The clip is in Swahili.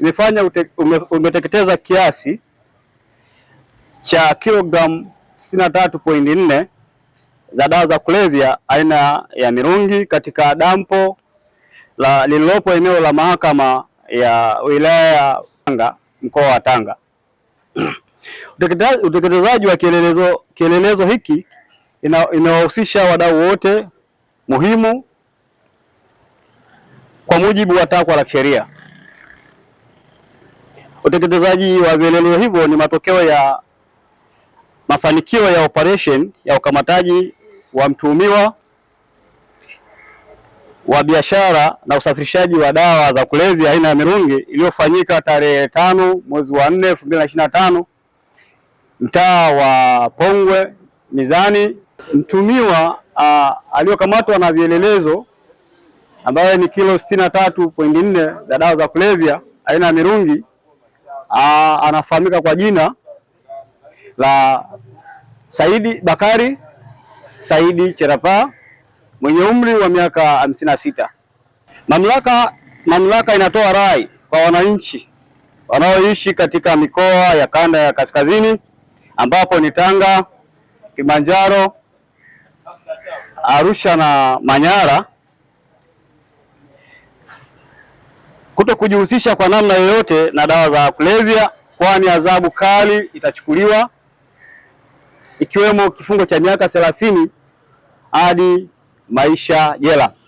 imefanya ume, umeteketeza kiasi cha kilogramu 63.4 za dawa za kulevya aina ya mirungi katika dampo la lililopo eneo la mahakama ya wilaya ya Tanga mkoa wa Tanga. Utekelezaji wa kielelezo, kielelezo hiki inawahusisha wadau wote muhimu kwa mujibu wa takwa la kisheria. Utekelezaji wa vielelezo hivyo ni matokeo ya mafanikio ya operation ya ukamataji wa mtuhumiwa wa biashara na usafirishaji wa dawa za kulevya aina ya mirungi iliyofanyika tarehe tano mwezi wa nne elfu mbili na ishirini na tano mtaa wa Pongwe Mizani. Mtumiwa aliyokamatwa na vielelezo ambaye ni kilo sitini na tatu pointi nne za dawa za kulevya aina ya mirungi Ah, anafahamika kwa jina la Saidi Bakari Saidi Cherapa mwenye umri wa miaka hamsini na sita. Mamlaka mamlaka inatoa rai kwa wananchi wanaoishi katika mikoa ya kanda ya kaskazini ambapo ni Tanga, Kilimanjaro, Arusha na Manyara kuto kujihusisha kwa namna yoyote na dawa za kulevya, kwani adhabu kali itachukuliwa ikiwemo kifungo cha miaka thelathini hadi maisha jela.